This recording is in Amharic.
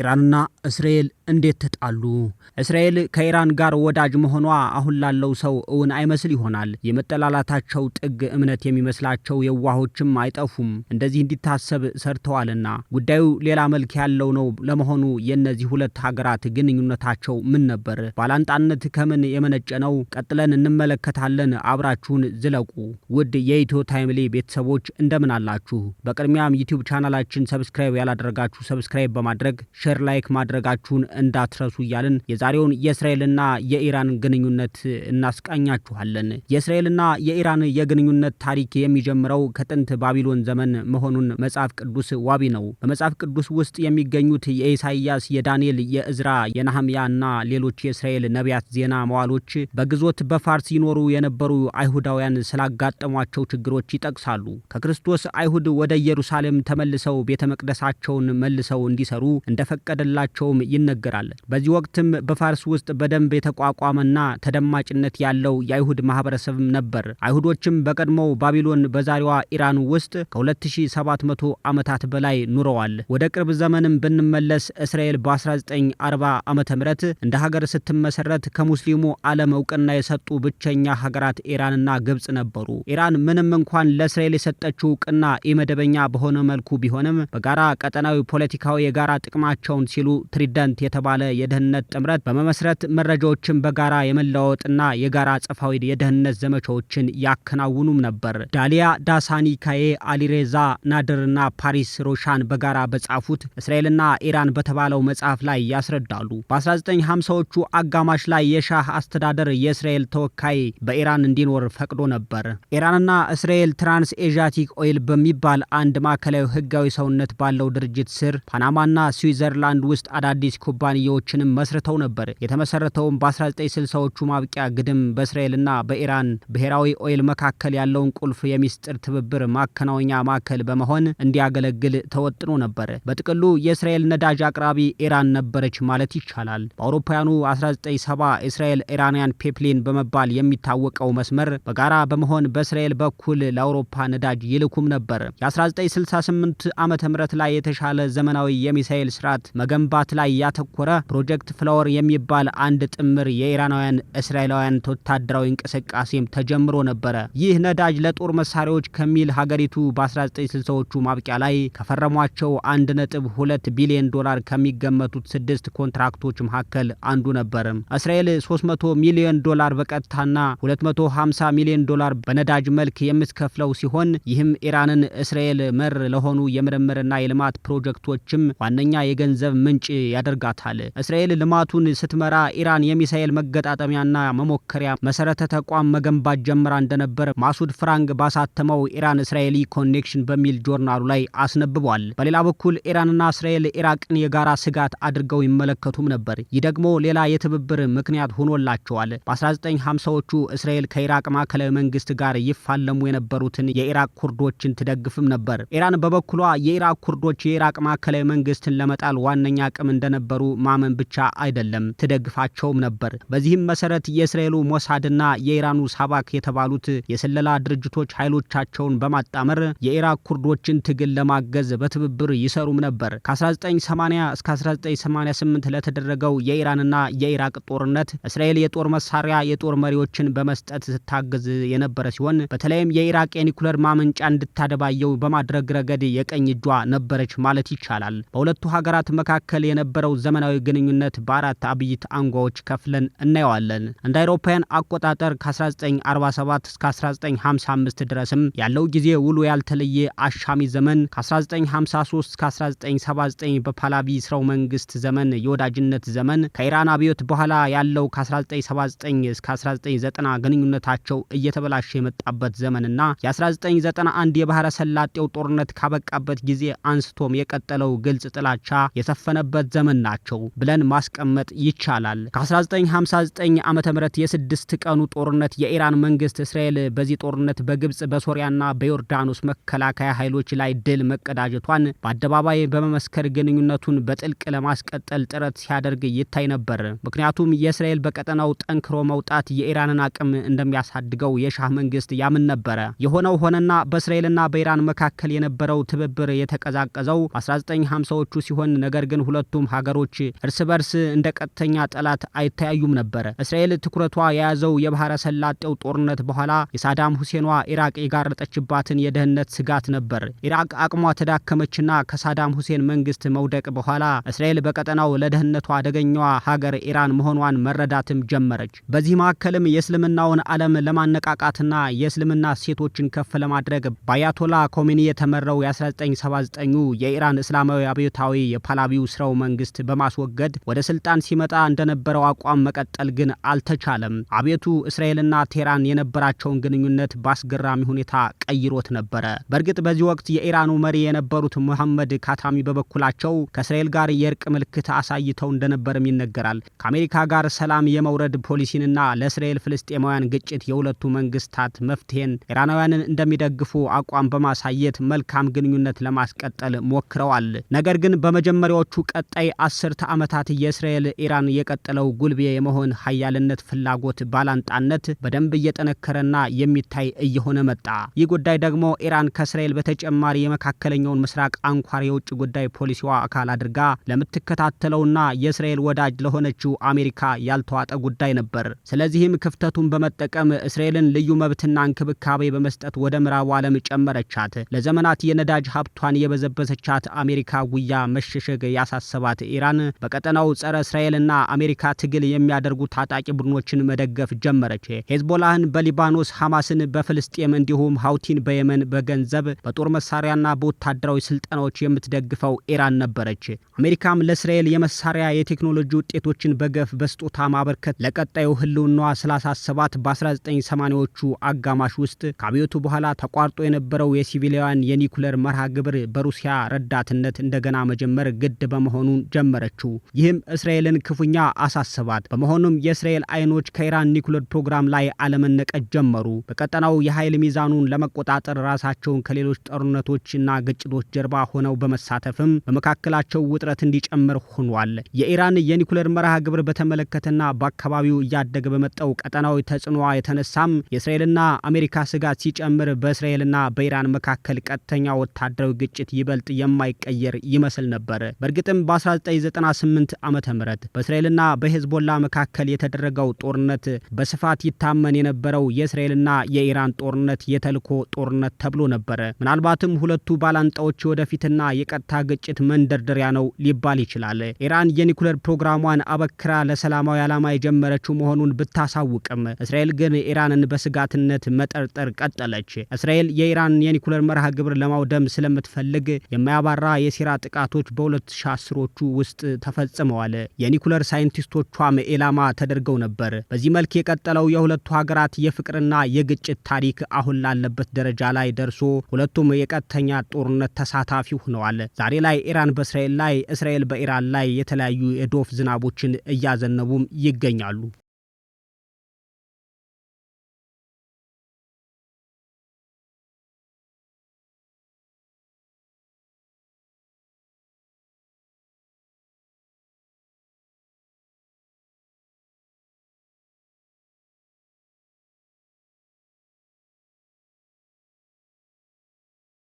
ኢራንና እስራኤል እንዴት ተጣሉ? እስራኤል ከኢራን ጋር ወዳጅ መሆኗ አሁን ላለው ሰው እውን አይመስል ይሆናል። የመጠላላታቸው ጥግ እምነት የሚመስላቸው የዋሆችም አይጠፉም፣ እንደዚህ እንዲታሰብ ሰርተዋልና። ጉዳዩ ሌላ መልክ ያለው ነው። ለመሆኑ የእነዚህ ሁለት ሀገራት ግንኙነታቸው ምን ነበር? ባላንጣነት ከምን የመነጨ ነው? ቀጥለን እንመለከታለን። አብራችሁን ዝለቁ። ውድ የኢትዮ ታይምሌ ቤተሰቦች እንደምን አላችሁ? በቅድሚያም ዩቲዩብ ቻናላችን ሰብስክራይብ ያላደረጋችሁ ሰብስክራይብ በማድረግ ሸር ላይክ ማድረጋችሁን እንዳትረሱ እያልን የዛሬውን የእስራኤልና የኢራን ግንኙነት እናስቃኛችኋለን። የእስራኤልና የኢራን የግንኙነት ታሪክ የሚጀምረው ከጥንት ባቢሎን ዘመን መሆኑን መጽሐፍ ቅዱስ ዋቢ ነው። በመጽሐፍ ቅዱስ ውስጥ የሚገኙት የኢሳይያስ፣ የዳንኤል፣ የእዝራ፣ የናህምያ እና ሌሎች የእስራኤል ነቢያት ዜና መዋሎች በግዞት በፋርስ ይኖሩ የነበሩ አይሁዳውያን ስላጋጠሟቸው ችግሮች ይጠቅሳሉ። ከክርስቶስ አይሁድ ወደ ኢየሩሳሌም ተመልሰው ቤተ መቅደሳቸውን መልሰው እንዲሰሩ እንደ እንደተፈቀደላቸውም ይነገራል። በዚህ ወቅትም በፋርስ ውስጥ በደንብ የተቋቋመና ተደማጭነት ያለው የአይሁድ ማህበረሰብም ነበር። አይሁዶችም በቀድሞው ባቢሎን በዛሬዋ ኢራን ውስጥ ከ2700 ዓመታት በላይ ኑረዋል። ወደ ቅርብ ዘመንም ብንመለስ እስራኤል በ1940 ዓ.ም እንደ ሀገር ስትመሰረት ከሙስሊሙ ዓለም እውቅና የሰጡ ብቸኛ ሀገራት ኢራንና ግብጽ ነበሩ። ኢራን ምንም እንኳን ለእስራኤል የሰጠችው እውቅና ኢመደበኛ በሆነ መልኩ ቢሆንም በጋራ ቀጠናዊ ፖለቲካዊ የጋራ ጥቅማቸው መሆናቸውን ሲሉ ትሪደንት የተባለ የደህንነት ጥምረት በመመስረት መረጃዎችን በጋራ የመለዋወጥና የጋራ ጽፋዊ የደህንነት ዘመቻዎችን ያከናውኑም ነበር። ዳሊያ ዳሳኒ ካዬ፣ አሊሬዛ ናድርና ፓሪስ ሮሻን በጋራ በጻፉት እስራኤልና ኢራን በተባለው መጽሐፍ ላይ ያስረዳሉ። በ1950ዎቹ አጋማሽ ላይ የሻህ አስተዳደር የእስራኤል ተወካይ በኢራን እንዲኖር ፈቅዶ ነበር። ኢራንና እስራኤል ትራንስ ኤዥያቲክ ኦይል በሚባል አንድ ማዕከላዊ ህጋዊ ሰውነት ባለው ድርጅት ስር ፓናማና ስዊዘር በኔዘርላንድ ውስጥ አዳዲስ ኩባንያዎችንም መስርተው ነበር። የተመሰረተውም በ1960ዎቹ ማብቂያ ግድም በእስራኤልና በኢራን ብሔራዊ ኦይል መካከል ያለውን ቁልፍ የሚስጥር ትብብር ማከናወኛ ማዕከል በመሆን እንዲያገለግል ተወጥኖ ነበር። በጥቅሉ የእስራኤል ነዳጅ አቅራቢ ኢራን ነበረች ማለት ይቻላል። በአውሮፓውያኑ 1970 እስራኤል ኢራንያን ፔፕሊን በመባል የሚታወቀው መስመር በጋራ በመሆን በእስራኤል በኩል ለአውሮፓ ነዳጅ ይልኩም ነበር። የ1968 ዓ ም ላይ የተሻለ ዘመናዊ የሚሳኤል ስርዓት ስርዓት መገንባት ላይ ያተኮረ ፕሮጀክት ፍላወር የሚባል አንድ ጥምር የኢራናውያን እስራኤላውያን ወታደራዊ እንቅስቃሴም ተጀምሮ ነበረ። ይህ ነዳጅ ለጦር መሳሪያዎች ከሚል ሀገሪቱ በ1960ዎቹ ማብቂያ ላይ ከፈረሟቸው 1.2 ቢሊዮን ዶላር ከሚገመቱት ስድስት ኮንትራክቶች መካከል አንዱ ነበር። እስራኤል 300 ሚሊዮን ዶላር በቀጥታና 250 ሚሊዮን ዶላር በነዳጅ መልክ የምትከፍለው ሲሆን ይህም ኢራንን እስራኤል መር ለሆኑ የምርምርና የልማት ፕሮጀክቶችም ዋነኛ የገንዘብ የገንዘብ ምንጭ ያደርጋታል። እስራኤል ልማቱን ስትመራ ኢራን የሚሳኤል መገጣጠሚያና መሞከሪያ መሰረተ ተቋም መገንባት ጀምራ እንደነበር ማሱድ ፍራንግ ባሳተመው ኢራን እስራኤሊ ኮኔክሽን በሚል ጆርናሉ ላይ አስነብቧል። በሌላ በኩል ኢራንና እስራኤል ኢራቅን የጋራ ስጋት አድርገው ይመለከቱም ነበር። ይህ ደግሞ ሌላ የትብብር ምክንያት ሆኖላቸዋል። በ1950ዎቹ እስራኤል ከኢራቅ ማዕከላዊ መንግስት ጋር ይፋለሙ የነበሩትን የኢራቅ ኩርዶችን ትደግፍም ነበር። ኢራን በበኩሏ የኢራቅ ኩርዶች የኢራቅ ማዕከላዊ መንግስትን ለመጣ ቃል ዋነኛ አቅም እንደነበሩ ማመን ብቻ አይደለም፣ ትደግፋቸውም ነበር። በዚህም መሰረት የእስራኤሉ ሞሳድና የኢራኑ ሳባክ የተባሉት የስለላ ድርጅቶች ኃይሎቻቸውን በማጣመር የኢራቅ ኩርዶችን ትግል ለማገዝ በትብብር ይሰሩም ነበር። ከ1980 እስከ 1988 ለተደረገው የኢራንና የኢራቅ ጦርነት እስራኤል የጦር መሳሪያ የጦር መሪዎችን በመስጠት ስታግዝ የነበረ ሲሆን በተለይም የኢራቅ የኒኩለር ማመንጫ እንድታደባየው በማድረግ ረገድ የቀኝ እጇ ነበረች ማለት ይቻላል። በሁለቱ ሀገራት ሀገራት መካከል የነበረው ዘመናዊ ግንኙነት በአራት አብይት አንጓዎች ከፍለን እናየዋለን። እንደ አውሮፓውያን አቆጣጠር ከ1947 እስከ 1955 ድረስም ያለው ጊዜ ውሉ ያልተለየ አሻሚ ዘመን፣ ከ1953 እስከ 1979 በፓላቪ ስርወ መንግስት ዘመን የወዳጅነት ዘመን፣ ከኢራን አብዮት በኋላ ያለው ከ1979 እስከ 1990 ግንኙነታቸው እየተበላሸ የመጣበት ዘመንና የ1991 የባህረ ሰላጤው ጦርነት ካበቃበት ጊዜ አንስቶም የቀጠለው ግልጽ ጥላቻ የሰፈነበት ዘመን ናቸው ብለን ማስቀመጥ ይቻላል። ከ1959 ዓ ም የስድስት ቀኑ ጦርነት የኢራን መንግስት እስራኤል በዚህ ጦርነት በግብጽ በሶሪያና በዮርዳኖስ መከላከያ ኃይሎች ላይ ድል መቀዳጀቷን በአደባባይ በመመስከር ግንኙነቱን በጥልቅ ለማስቀጠል ጥረት ሲያደርግ ይታይ ነበር። ምክንያቱም የእስራኤል በቀጠናው ጠንክሮ መውጣት የኢራንን አቅም እንደሚያሳድገው የሻህ መንግስት ያምን ነበረ። የሆነው ሆነና በእስራኤልና በኢራን መካከል የነበረው ትብብር የተቀዛቀዘው በ1950ዎቹ ሲሆን ነገር ግን ሁለቱም ሀገሮች እርስ በርስ እንደ ቀጥተኛ ጠላት አይተያዩም ነበር። እስራኤል ትኩረቷ የያዘው የባህረ ሰላጤው ጦርነት በኋላ የሳዳም ሁሴኗ ኢራቅ የጋረጠችባትን የደህንነት ስጋት ነበር። ኢራቅ አቅሟ ተዳከመችና ከሳዳም ሁሴን መንግስት መውደቅ በኋላ እስራኤል በቀጠናው ለደህንነቷ አደገኛዋ ሀገር ኢራን መሆኗን መረዳትም ጀመረች። በዚህ መካከልም የእስልምናውን ዓለም ለማነቃቃትና የእስልምና ሴቶችን ከፍ ለማድረግ በአያቶላ ኮሚኒ የተመራው የ1979 የኢራን እስላማዊ አብዮታዊ ከአካላቢው ስራው መንግስት በማስወገድ ወደ ስልጣን ሲመጣ እንደነበረው አቋም መቀጠል ግን አልተቻለም። አብዮቱ እስራኤልና ቴህራን የነበራቸውን ግንኙነት በአስገራሚ ሁኔታ ቀይሮት ነበረ። በእርግጥ በዚህ ወቅት የኢራኑ መሪ የነበሩት መሐመድ ካታሚ በበኩላቸው ከእስራኤል ጋር የእርቅ ምልክት አሳይተው እንደነበርም ይነገራል። ከአሜሪካ ጋር ሰላም የመውረድ ፖሊሲንና ለእስራኤል ፍልስጤማውያን ግጭት የሁለቱ መንግስታት መፍትሄን ኢራናውያንን እንደሚደግፉ አቋም በማሳየት መልካም ግንኙነት ለማስቀጠል ሞክረዋል። ነገር ግን በመጀመ በመጀመሪያዎቹ ቀጣይ አስርተ ዓመታት የእስራኤል ኢራን የቀጠለው ጉልቤ የመሆን ሀያልነት ፍላጎት ባላንጣነት በደንብ እየጠነከረና የሚታይ እየሆነ መጣ። ይህ ጉዳይ ደግሞ ኢራን ከእስራኤል በተጨማሪ የመካከለኛውን ምስራቅ አንኳር የውጭ ጉዳይ ፖሊሲዋ አካል አድርጋ ለምትከታተለውና የእስራኤል ወዳጅ ለሆነችው አሜሪካ ያልተዋጠ ጉዳይ ነበር። ስለዚህም ክፍተቱን በመጠቀም እስራኤልን ልዩ መብትና እንክብካቤ በመስጠት ወደ ምዕራቡ ዓለም ጨመረቻት። ለዘመናት የነዳጅ ሀብቷን የበዘበሰቻት አሜሪካ ጉያ መሸሸ መሸሸግ ያሳሰባት ኢራን በቀጠናው ጸረ እስራኤልና አሜሪካ ትግል የሚያደርጉ ታጣቂ ቡድኖችን መደገፍ ጀመረች። ሄዝቦላህን በሊባኖስ፣ ሐማስን በፍልስጤም እንዲሁም ሀውቲን በየመን በገንዘብ በጦር መሳሪያና በወታደራዊ ስልጠናዎች የምትደግፈው ኢራን ነበረች። አሜሪካም ለእስራኤል የመሳሪያ የቴክኖሎጂ ውጤቶችን በገፍ በስጦታ ማበርከት ለቀጣዩ ህልውናዋ ስላሳሰባት በ1980ዎቹ አጋማሽ ውስጥ ከአብዮቱ በኋላ ተቋርጦ የነበረው የሲቪሊያን የኒኩለር መርሃ ግብር በሩሲያ ረዳትነት እንደገና መጀመር ግድ በመሆኑን ጀመረችው። ይህም እስራኤልን ክፉኛ አሳስባት። በመሆኑም የእስራኤል አይኖች ከኢራን ኒኩለር ፕሮግራም ላይ አለመነቀት ጀመሩ። በቀጠናው የኃይል ሚዛኑን ለመቆጣጠር ራሳቸውን ከሌሎች ጦርነቶችና ግጭቶች ጀርባ ሆነው በመሳተፍም በመካከላቸው ውጥረት እንዲጨምር ሆኗል። የኢራን የኒኩለር መርሃ ግብር በተመለከተና በአካባቢው እያደገ በመጣው ቀጠናዊ ተጽዕኖዋ የተነሳም የእስራኤልና አሜሪካ ስጋት ሲጨምር በእስራኤልና በኢራን መካከል ቀጥተኛ ወታደራዊ ግጭት ይበልጥ የማይቀየር ይመስል ነበር። በእርግጥም በ1998 ዓ ም በእስራኤልና በሄዝቦላ መካከል የተደረገው ጦርነት በስፋት ይታመን የነበረው የእስራኤልና የኢራን ጦርነት የተልኮ ጦርነት ተብሎ ነበረ። ምናልባትም ሁለቱ ባላንጣዎች የወደፊትና የቀጥታ ግጭት መንደርደሪያ ነው ሊባል ይችላል። ኢራን የኒኩለር ፕሮግራሟን አበክራ ለሰላማዊ ዓላማ የጀመረችው መሆኑን ብታሳውቅም እስራኤል ግን ኢራንን በስጋትነት መጠርጠር ቀጠለች። እስራኤል የኢራን የኒኩለር መርሃ ግብር ለማውደም ስለምትፈልግ የማያባራ የሴራ ጥቃቶች በ በ2010ዎቹ ውስጥ ተፈጽመዋል። የኒኩለር ሳይንቲስቶቿም ኢላማ ተደርገው ነበር። በዚህ መልክ የቀጠለው የሁለቱ ሀገራት የፍቅርና የግጭት ታሪክ አሁን ላለበት ደረጃ ላይ ደርሶ ሁለቱም የቀጥተኛ ጦርነት ተሳታፊ ሆነዋል። ዛሬ ላይ ኢራን በእስራኤል ላይ፣ እስራኤል በኢራን ላይ የተለያዩ የዶፍ ዝናቦችን እያዘነቡም ይገኛሉ።